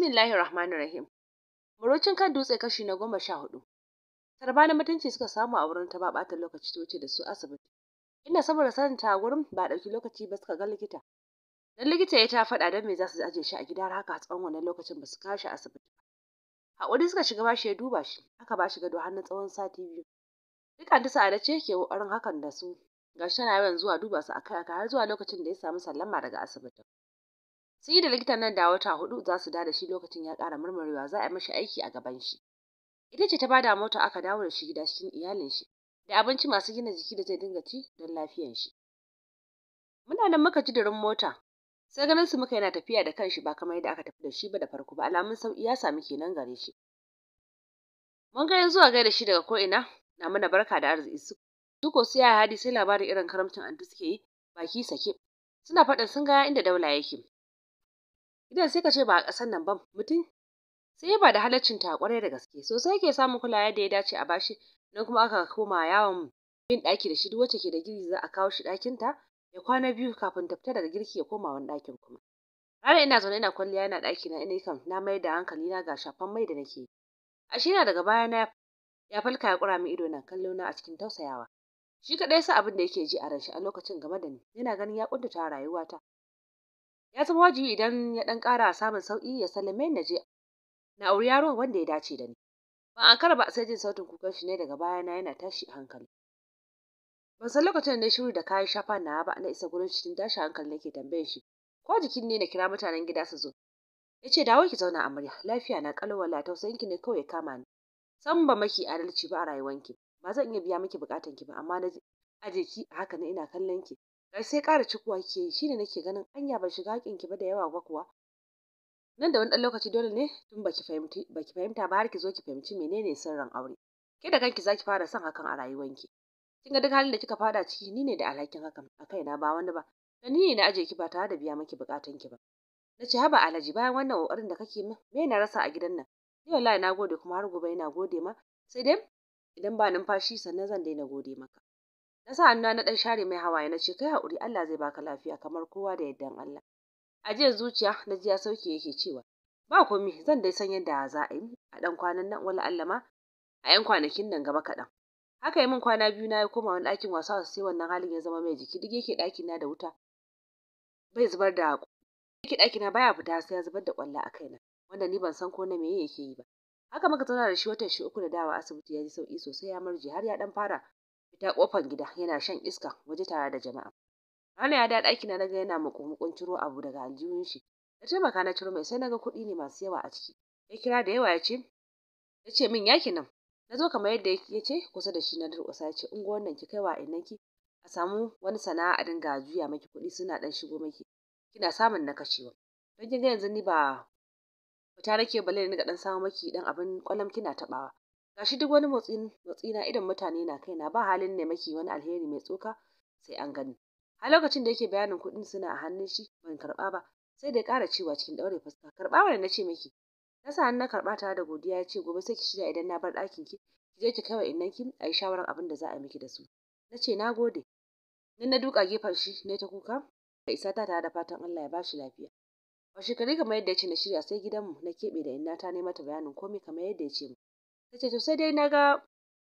Bismillahir Rahmanir Rahim. Murocin kan dutse kashi na goma sha hudu. Tarba na mutunci suka samu a wurin ta ba ɓata lokaci ta da su asibiti. Inda saboda sanin ta gurin ba ɗauki lokaci ba suka ga likita. Dan likita ya ta faɗa dan me za su aje shi a gida har haka tsawon wannan lokacin ba su kashi asibiti. Haƙuri suka shiga ba shi ya duba shi, aka shi gado har na tsawon sati biyu. Duk ta sa'ada ce ke ƙoƙarin hakan da su. Ga Gashi tana yawan zuwa duba su akai-akai har zuwa lokacin da ya samu sallama daga asibitin. Sai da likitan nan da wata hudu za su da da shi lokacin ya kara murmurewa za a mashi aiki a gaban shi ita ce ta bada mota aka dawo da shi gida cikin iyalin shi da abinci masu gina jiki da zai dinga ci don lafiyar shi muna nan muka ji durin mota sai ganin su muka yana tafiya da kanshi ba kamar yadda aka tafi da shi ba da farko ba alamun sauki ya sami kenan gare shi mun ga zuwa gaida shi daga ko'ina na mana barka da arziki su duko su ya hadi sai labarin irin karamcin anti suke yi baki sake suna faɗin sun ga inda daula yake gidan sai ka ce ba a ƙasar nan ba mutum sai ba da halaccin ta kwarai da gaske sosai ke samun kulawa da ya dace a bashi nan kuma aka koma yawon bin ɗaki da shi duk wacce ke da girki za a kawo shi ɗakin ta ya kwana biyu kafin ta fita daga girki ya koma wani ɗakin kuma rana ina zaune ina kwalliya ina ɗaki na ina kan na mai da hankali na ga shafan mai da nake ashe na daga baya na ya falka ya ƙura min ido na kallo na a cikin tausayawa shi kadai sa abin da yake ji a ranshi a lokacin game da ni yana ganin ya ƙuntata rayuwata ya zama wajibi idan ya ɗan kara samun sauki ya sallame na je na auri yaro wanda ya dace da ni ban kara ba sai jin sautin kukan shi ne daga baya na yana tashi a hankali ban san lokacin da shiru da kayan shafa na ba na isa gurin cikin tashi hankali nake tambayar shi ko jikin ne na kira mutanen gida su zo ya ce dawo ki zauna amarya lafiya na kalwala tausayin ki ne kawai ya kama ni san ba maki adalci ba a rayuwanki ba zan iya biya miki bukatan ki ba amma na aje ki haka ne ina kallon ki gai sai ƙara cikuwa ke yi, shine nake ganin anya ban shiga haƙƙin ki ba da yawa ba kuwa. Nan da wani ɗan lokaci dole ne tun baki fahimci baki fahimta ba har ki zo ki fahimci menene sirrin aure. Ke da kanki zaki fara son hakan a rayuwanki. Kin ga duk halin da kika fada ciki ni ne da alhakin hakan a kaina ba wani ba. Da ni ne na aje ki ba tare da biya miki bukatun ki ba. Na ce haba Alhaji bayan wannan ƙoƙarin da kake min me na rasa a gidan nan. Ni wallahi na gode kuma har gobe ina gode ma sai dai idan ba numfashi sannan zan daina gode maka. na sa hannu na ɗan share mai hawaye na ce kai hakuri Allah zai baka lafiya kamar kowa da yaddan Allah a jiya zuciya na ji ya sauke yake cewa ba komai zan dai san yadda za a yi a ɗan kwanan nan wala Allah ma a yan kwanakin nan gaba kaɗan haka yi min kwana biyu na ya koma wani ɗakin wasa sai wannan halin ya zama mai jiki duk yake ɗaki na da wuta bai zubar da haƙo yake na baya fita sai ya zubar da ƙwallo a kaina wanda ni ban san ko na meye yake yi ba haka muka zauna da shi watan shi uku da dawa asibiti ya ji sauki sosai ya marje har ya dan fara fita kofar gida yana shan iska waje tare da jama'a rana ya da ɗaki na naga yana makomakon ciro abu daga aljihun shi na taimaka na ciro mai sai naga kuɗi ne masu yawa a ciki ya kira da yawa ya ce ya ce min yaki nan na zo kamar yadda ya ce kusa da shi na durƙusa ya ce in ga wannan ki kai wa ki a samu wani sana'a a dinga juya maki kuɗi suna ɗan shigo maki kina samun na kashewa don kin ga yanzu ni ba fita nake balle ni ga ɗan samu maki ɗan abin kwalam kina taɓawa Gashi duk wani motsi na idan mutane na kaina, ba halin ne maki wani alheri mai tsoka sai an gani. A lokacin da yake bayanin kuɗin suna a hannun shi ban karɓa ba, sai da ya ƙara cewa cikin ɗaure fuska, karɓa mana na ce miki. Na sa na karɓa tare da godiya ya ce gobe sai ki shirya idan na bar ɗakin ki, ki je ki kai wa innanki a yi shawarar abin da za a miki da su. Na ce na gode. Nan na duka gefen shi ne ta kuka, da isa ta tare da fatan Allah ya ba shi lafiya. A shekaru kamar yadda ya ce na shirya sai gidanmu na keɓe da ta ne mata bayanin komai kamar yadda ya ce mu. ta ce to sai dai naga ga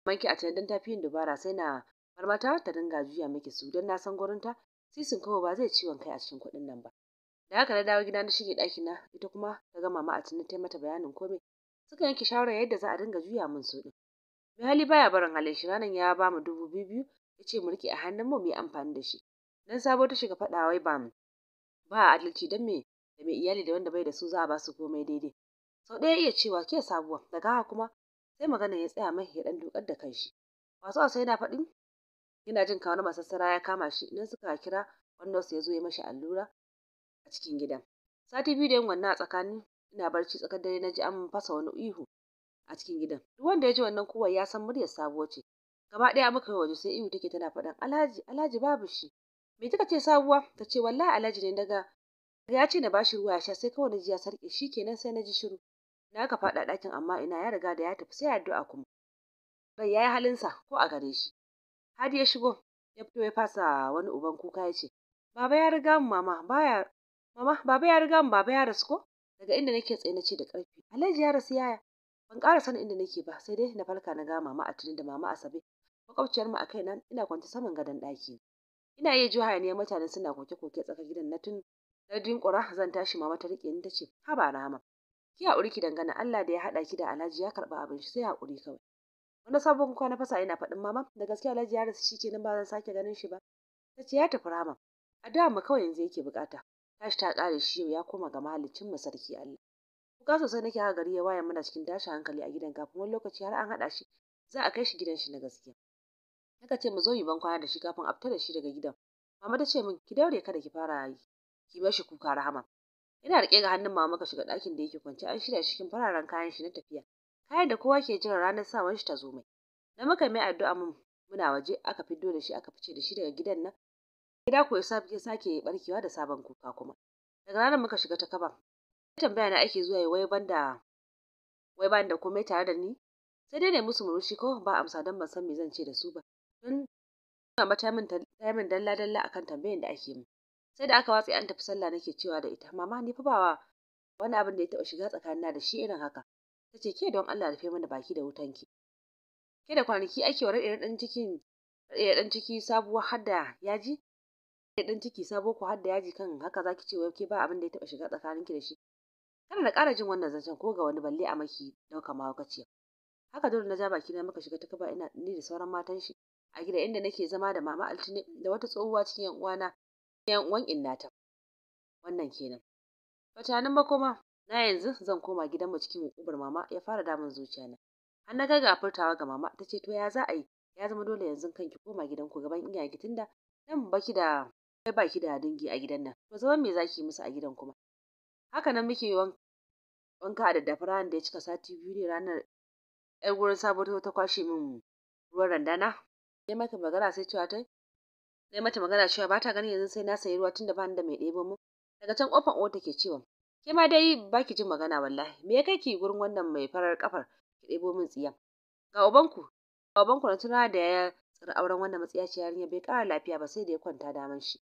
manki a can don ta fi yin dubara sai na farmata ta dinga juya miki su don na san gurinta sisin kawo ba zai ciwon kai a cikin kuɗin nan ba da haka na dawo gida na shige ɗaki na ita kuma ta ga mama a can ta mata bayanin komai suka yanke shawarar yadda za a dinga juya min su din mai hali baya barin halin shi ranar ya ba mu dubu biyu biyu ya ce mu rike a hannun mu mu amfani da shi dan sabo ta shiga faɗa wai ba mu ba adalci dan me da mai iyali da wanda bai da su za a ba su komai daidai sau ɗaya iya cewa ke sabuwa daga haka kuma sai magana ya tsaya mai ya dan dukar da kanshi wasu wasu yana faɗin yana jin kamar masassara ya kama shi idan suka kira wannan ya zo ya mashi allura a cikin gidan sati biyu da yin wannan a tsakani ina barci tsakar dare na ji an fasa wani ihu a cikin gidan duk wanda ya ji wannan kowai ya san muryar sabuwa ce gaba ɗaya muka yi waje sai ihu take tana faɗan alhaji alhaji babu shi me kika ce sabuwa ta ce wallahi alhaji ne daga ya ce na bashi ruwa ya sha sai kawai na ji ya sarƙe shi kenan sai na ji shiru Da aka faɗa ɗakin amma ina ya riga da ya tafi sai addu'a kuma. Bai ya yi halinsa ko a gare shi. Hadi ya shigo ya fito ya fasa wani uban kuka ya ce Baba ya riga mu mama baya mama baba ya riga mu baba ya rasu ko daga inda nake tsaye na ce da ƙarfi Alhaji ya rasu yaya ban ƙara sanin inda nake ba sai dai na farka na ga mama a tuni da mama Asabe makwabciyar mu a kaina ina kwance saman gadon ɗaki ina iya ji hayaniyar mutane suna koke-koke tsakar gidan na tun na dinkura zan tashi mama ta riƙe ni ta ce haba rama ki haƙuri ki dangana Allah da ya haɗa ki da Alhaji ya karɓa abin shi sai haƙuri kawai wani sabon kuka na fasa ina faɗin mama da gaskiya Alhaji ya rasu shikenan ba zan sake ganin shi ba ta ce ya tafi rama a da mu kawai yanzu yake bukata tashi ta ƙare shi yau ya koma ga mahaliccin mu sarki Allah kuka sosai nake haka gari ya waye mana cikin tashin hankali a gidan kafin wani lokaci har an haɗa shi za a kai shi gidan shi na gaskiya Naka ce mu zo yi ban kwana da shi kafin a fita da shi daga gidan mama ta ce min ki daure kada ki fara yi ki bar shi kuka rahama ina rike ga hannun mama ka shiga ɗakin da yake kwance an shirya cikin fararen kayan shi na tafiya. Kayan da kowa ke jira ranar sawan shi ta zo mai. Da muka mai addu'a mun muna waje aka fiddo da shi aka fice da shi daga gidan nan. Gida ko ya sake barkewa da sabon kuka kuma. Daga ranar muka shiga ta kaban. Sai tambaya na ake zuwa wai banda wai banda komai tare da ni. Sai dai ne musu murushi ko ba amsa dan ban san me zan ce da su ba. Don mama ta min dalla dalla akan tambayan da ake yi. sai da aka watse an tafi sallah nake cewa da ita mama ni fa ba wani abin da ya taɓa shiga tsakanina da shi irin haka ta ce ke don Allah rufe mana baki da wutanki ke da kwanaki ake wa raɗe ɗan cikin raɗe ɗan ciki sabuwar hadda yaji raɗe ɗan ciki sabo ko da yaji kan haka zaki ce wai ke ba abin da ya taɓa shiga tsakaninki da shi kada da ƙara jin wannan zancen ko ga wani balle a maki ɗauka mahaukaciya haka dole na ja baki na muka shiga ta kaba ina ni da sauran matan shi a gida inda nake zama da mama altine da wata tsohuwa cikin yan uwana 'yan uwan nata wannan kenan nan ba kuma na yanzu zan koma gidan mu cikin hukumar mama ya fara damun zuciya har na kai ga furtawa ga mama ta ce to ya za a yi ya zama dole yanzu kan ki koma ku gaban iya ki tunda nan baki da kai baki da dangi a gidan nan to zaman me zaki musu a gidan kuma haka nan muke wanka da daddafa ranar da ya cika sati biyu ne ranar ƴar gurin sabo ta kwashe min ruwan randana ya mata magana sai cewa ta na mata magana cewa ba ta ganin yanzu sai na sayi ruwa tunda ba ni da mai ɗebo mu daga can kofar uwar take cewa ke ma dai ba ki jin magana wallahi me ya kai ki gurin wannan mai farar kafar ki ɗebo min tsiya ga ubanku ga ubanku na tuna da ya tsira auren wannan ce yarinya bai ƙara lafiya ba sai da ya kwanta daman shi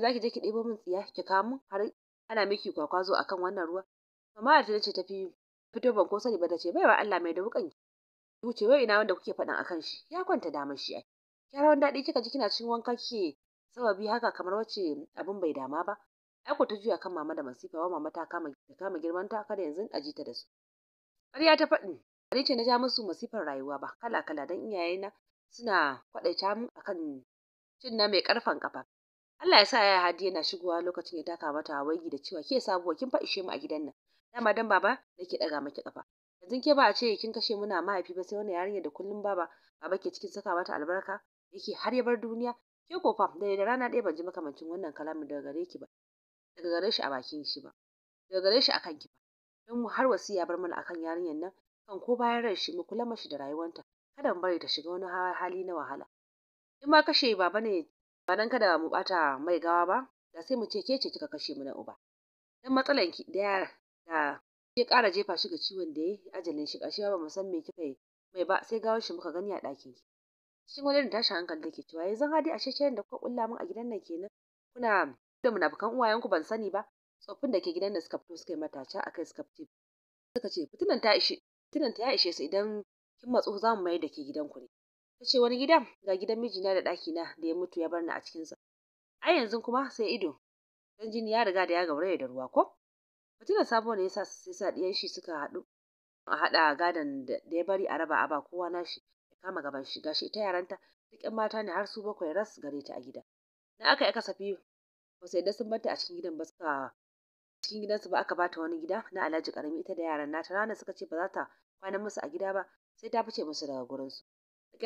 za ki je ki ɗebo min tsiya ki kawo min har ana miki kwakwazo kan wannan ruwa a ta ce ta fi fito ban ko sani ba ta ce baiwa Allah mai da wukan wuce wai ina wanda kuke faɗan akan shi ya kwanta daman shi ai Kyarawan daɗi kika ji kina cikin wanka kike sababi haka kamar wace abin bai dama ba. Ai ku ta juya kan mama da masifa wa mama ta kama ta kama girmanta kada yanzu a ji ta da su. Ƙarya ta faɗi ba ce na ja musu masifar rayuwa ba kala kala dan iyayena suna kwaɗaita mu akan cin na mai ƙarfan ƙafa. Allah ya sa ya hadi yana shigowa lokacin ya taka mata waigi da cewa ke sabuwa kin fa ishe mu a gidan nan. Dama dan baba nake ɗaga maki kafa Yanzu ke ba a ce kin kashe muna mahaifi ba sai wani yarinya da kullum baba baba ke cikin saka mata albarka yake har ya bar duniya ke ko da rana ɗaya ban ji makamancin wannan kalamin daga gare ki ba daga gare shi a bakin shi ba daga gare shi akan ki ba don mu har ya bar mana akan yarinyar nan kan ko bayan ran shi mu kula mashi da rayuwarta kada mu bari ta shiga wani hali na wahala in ma kashe baba ne ba nan kada mu bata mai gawa ba da sai mu ce ke ce kika kashe mu na uba dan matsalan ki da da ke ƙara jefa shi ga ciwon da yayi ajalin shi ƙarshe ba mu san me kika yi mai ba sai gawar shi muka gani a ɗakin ki cikin wani da tashin hankali take cewa yanzu hadi ashe shirin da kuka kulla min a gidan nan kenan kuna da munafukan uwayenku ban sani ba tsoffin da ke gidan da suka fito suka yi matacha akai suka fito suka ce fitinan ta ishe fitinan ta ya ishe su idan kin matsu za mu mai da ke gidan ku ne ta ce wani gidan ga gidan mijina da na da ya mutu ya bar ni a sa ai yanzu kuma sai ido dan jini ya riga da ya gauraye da ruwa ko fitinan sabo ne yasa sai sa diyan shi suka haɗu a haɗa gadon da ya bari a raba a ba kowa nashi kama gaban shi gashi ita yaranta duk ƴan mata ne har su bakwai ras gare ta a gida na aka yi kasafi ba sai da sun bata a cikin gidan ba suka cikin gidansu ba aka bata wani gida na alhaji karami ita da yaran nata rana suka ce ba za ta kwana musu a gida ba sai ta fice musu daga gurinsu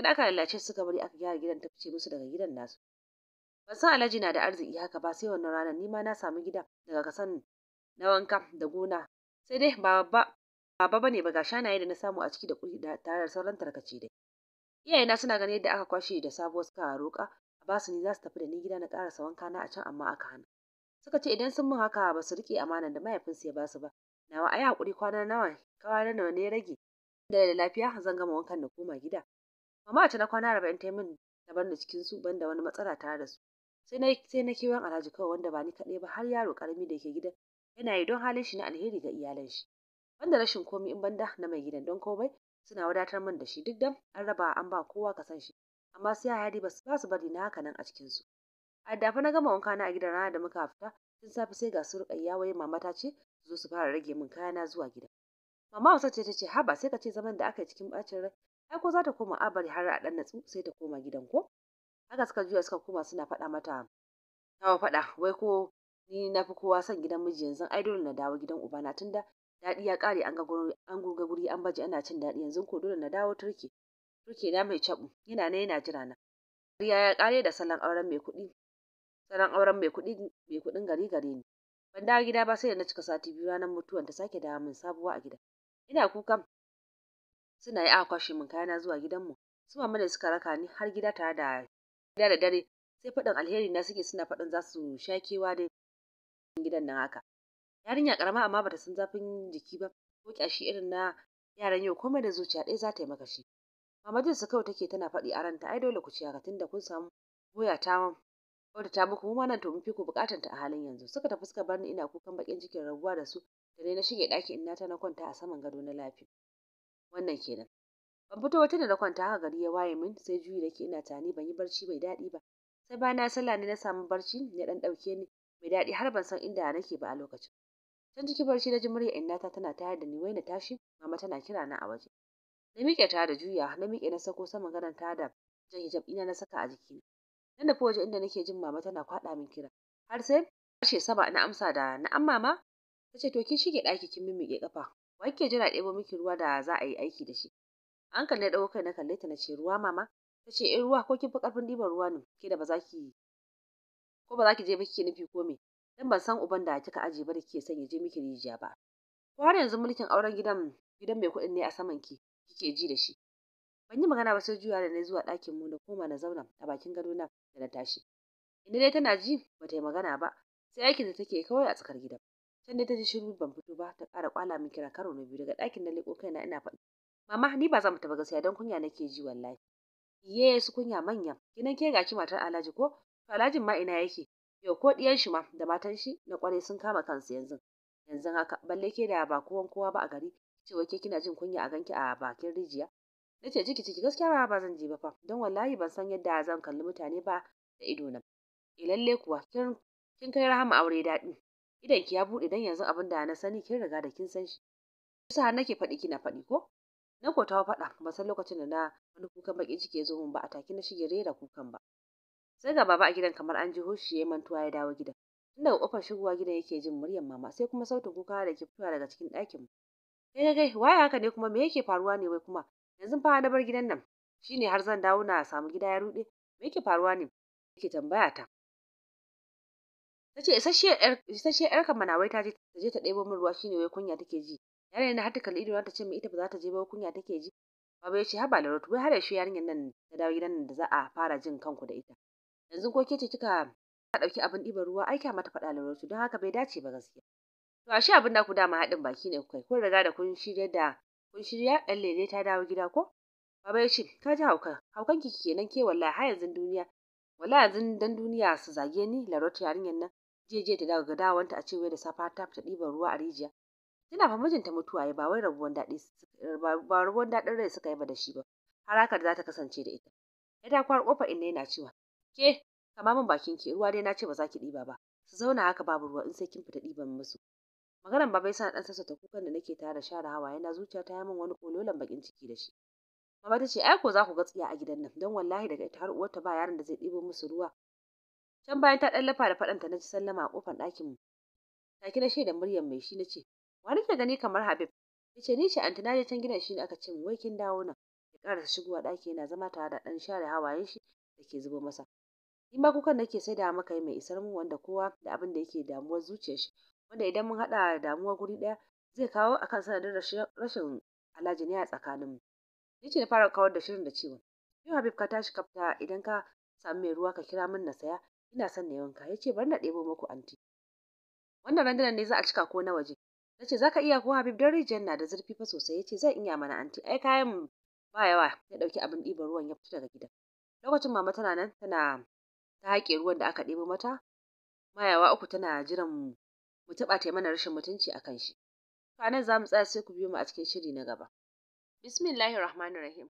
da aka lalace suka bari aka gyara gidan ta fice musu daga gidan nasu ban san alhaji na da arziki haka ba sai wannan ranar ni ma na samu gida daga kasan na wanka da gona sai dai ba babba ba bane ba ga shanaye da na samu a ciki da kuri da tare sauran tarkace dai iyayena suna ganin yadda aka kwashe da sabuwar suka roƙa a basu ni za su tafi da ni gida na ƙarasa wanka na a can amma aka hana suka ce idan sun mun haka ba su riƙe amanar da mahaifinsu ya ba su ba nawa ai hakuri kwana nawa kwana nawa ne rage da da lafiya zan gama wankan na koma gida mama ta na kwana arba'in ta min ta bar ni cikin su banda wani matsala tare da su sai na sai na kiwon alhaji kawai wanda ba ni kaɗai ba har yaro ƙarami da ke gidan yana yi don halin shi na alheri ga iyalan shi banda rashin komai in banda na mai gidan don komai suna wadatar min da shi duk da an raba an ba kowa ka san shi amma sai hadi ba su bari na haka nan a cikin su a dafa na gama wanka na a gidan rana da muka fita tun safe sai ga su ruƙayya mama ta ce su zo su fara rage min kayana zuwa gida mama wasa ce ta ce haba sai ka ce zaman da aka yi cikin bacin rai ai ko za ta koma abari har a ɗan natsu sai ta koma gidan ko haka suka juya suka koma suna faɗa mata tawa faɗa wai ko ni na fi kowa son gidan miji yanzu ai dole na dawo gidan ubana tunda daɗi ya ƙare an ga gurin an gurga guri an baje ana cin daɗi yanzu ko dole na dawo turki turki na mai cabu yana ne yana jira na Riya ya ƙare da salon auren mai kuɗi salon auren mai kuɗi mai kuɗin gari gari ne ban dawo gida ba sai da na cika sati biyu ranar mutuwan ta sake dawo min sabuwa a gida ina kukan suna yi aka kwashe min kayana zuwa gidanmu su mama da suka raka ni har gida tare da gida da dare sai faɗin alheri na suke suna faɗin za su sha kewa dai gidan nan haka Yarinya karama amma bata san zafin jiki ba ko kyashi irin na yaran yau komai da zuciya ɗaya za ta yi maka shi. Mama jinsu kawai take tana faɗi a ranta ai dole ku ci haka tunda kun samu boya ta wadda ta muku mu nan to mun fi ku bukatan ta a halin yanzu. Suka tafi suka bar ni ina kukan bakin cikin rabuwa da su da ne na shige ɗaki in ta na kwanta a saman gado na lafiya. Wannan kenan. Ban fito wata da na kwanta haka gari ya waye min sai juyi nake ina tani ban yi barci bai daɗi ba. Sai bayan na sallah ne na samu barci ya ɗan ɗauke ni mai daɗi har ban san inda nake ba a lokacin. can cikin barci na ji murya ta tana tayar da ni wai na tashi mama tana kira na a waje na miƙe ta da juya na miƙe na sako sama gadon ta da jan hijab ina na saka a jiki na nufi waje inda nake jin mama tana kwaɗa min kira har sai harshe sama na amsa da na an mama ta ce to kin shige ɗaki kin mimmiƙe ƙafa wa kike jira ɗebo miki ruwa da za a yi aiki da shi an kalle ɗau kai na kalle ta na ce ruwa mama ta ce eh ruwa ko kin fi ƙarfin ɗiban ruwa ne ke da ba za ki ko ba za ki je ba kike nufi ko me dan ban san uban da kika aje ba da kike son ya je miki rijiya ba ko har yanzu mulkin auren gidan gidan mai kuɗin ne a saman ki kike ji da shi ban yi magana ba sai juya da na zuwa ɗakin mu na koma na zauna a bakin gado na da na tashi ina dai tana ji ba ta yi magana ba sai aikin da take kawai a tsakar gidan can dai ta ji shiru ban fito ba ta ƙara kwala min kira karo na biyu daga ɗakin na leƙo kaina ina faɗi mama ni ba zan mu ba gaskiya don kunya nake ji wallahi iye su kunya manya kinan ke ga gaki matar alhaji ko to alhajin ma ina yake Yau ko ɗiyan shi ma da matan shi na kwarai sun kama kansu yanzu. Yanzu haka balle ke da ba kowan kowa ba a gari cewa ke kina jin kunya a ganki a bakin rijiya. nace ce ciki ciki gaskiya ba ba zan je ba fa don wallahi ban san yadda zan kalli mutane ba da ido na. E eh, lalle kuwa kin kai rahama aure daɗi. Idan ki ya buɗe dan yanzu abin da na sani kin riga da kin san shi. sa har nake faɗi kina faɗi ko? Na ko ta faɗa ban san lokacin da na wani kukan baki ciki ya zo min ba a take na shige rera kukan ba. sai ga baba a gidan kamar an ji hushi ya mantuwa ya dawo gidan tun daga kofar shigowa gidan yake jin muryar mama sai kuma sautin kuka da ke fitowa daga cikin ɗakin kai kai waye haka ne kuma me yake faruwa ne wai kuma yanzu fa na bar gidan nan shine har zan dawo na samu gida ya rude, me yake faruwa ne yake tambaya ta ta ce yar kamana wai ta je ta je ta ɗebo min ruwa shine wai kunya take ji yare ne har ta kalli ido ta ce mai ita ba za ta je ba kunya take ji baba ya ce haba rotu wai har yaushe yarinyar nan ta dawo gidan nan da za a fara jin kanku da ita yanzu ko ke ce kika ka ɗauki abin ɗiban ruwa ai kya mata faɗa laurarsu don haka bai dace ba gaskiya to ashe abin da ku dama haɗin baki ne kai kun riga da kun shirya da kun shirya ɗan lele ta dawo gida ko baba ya ce ka ji haukan haukan ki kenan ke wallahi har yanzu duniya wallahi yanzu dan duniya su zage ni larota yarinyar nan jiya jiya ta daga ga a cewa da safa ta fita ɗiban ruwa a rijiya tana fa mijinta mutuwa ya ba wai rabuwan daɗi ba rabuwan daɗin rai suka yi ba da shi ba har haka za ta kasance da ita ya ta kwar kofa inna yana cewa Ke, kama min bakin ki, ruwa dai na ce ba za ki ɗiba ba. Su zauna haka babu ruwa in sai kin fita ɗiban musu. Maganar baba yasa ɗan sassauta kukan da nake tare da share hawaye na zuciya ta yi min wani kololan bakin ciki da shi. Baba ta ce ai ko za ku ga tsiya a gidan nan don wallahi daga ita har uwarta ba yaron da zai ɗibo musu ruwa. Can bayan ta ɗan lafa da faɗanta na ji sallama a kofar ɗakin mu. kira na da muryar mai shi na ce wa nake gani kamar Habib. nace ni ce antina can gidan shi ne aka ce wai kin dawo nan. Ya ƙarasa shigowa ɗaki yana zama tare da ɗan share hawayen shi da ke zubo masa. Ni ma kukan nake saida maka mai isar mu wanda kowa da abin da yake damuwar zuciyar shi wanda idan mun haɗa damuwar guri ɗaya zai kawo kan sanadin rashin Alhaji ne a tsakaninmu. Ni ce na fara kawar da shirin da cewa yau Habib ka tashi ka idan ka samu mai ruwa ka kira min na saya ina son na yi wanka ya ce bar na ɗebo maku anti. Wannan randunan ne za a cika ko na waje. Na ce za ka iya ko Habib don rijiyar na da zurfi fa sosai ya ce zan iya mana anti ai kayan ba yawa ya ɗauki abin ɗiban ruwan ya fita daga gidan." Lokacin mama tana nan tana ta haƙe ruwan da aka ɗebo mata mayawa uku tana jiran mu mu taɓa ta mana rashin mutunci a kan shi kwanan za mu tsaya sai ku biyo mu a cikin shiri na gaba bismillahirrahmanirrahim rahim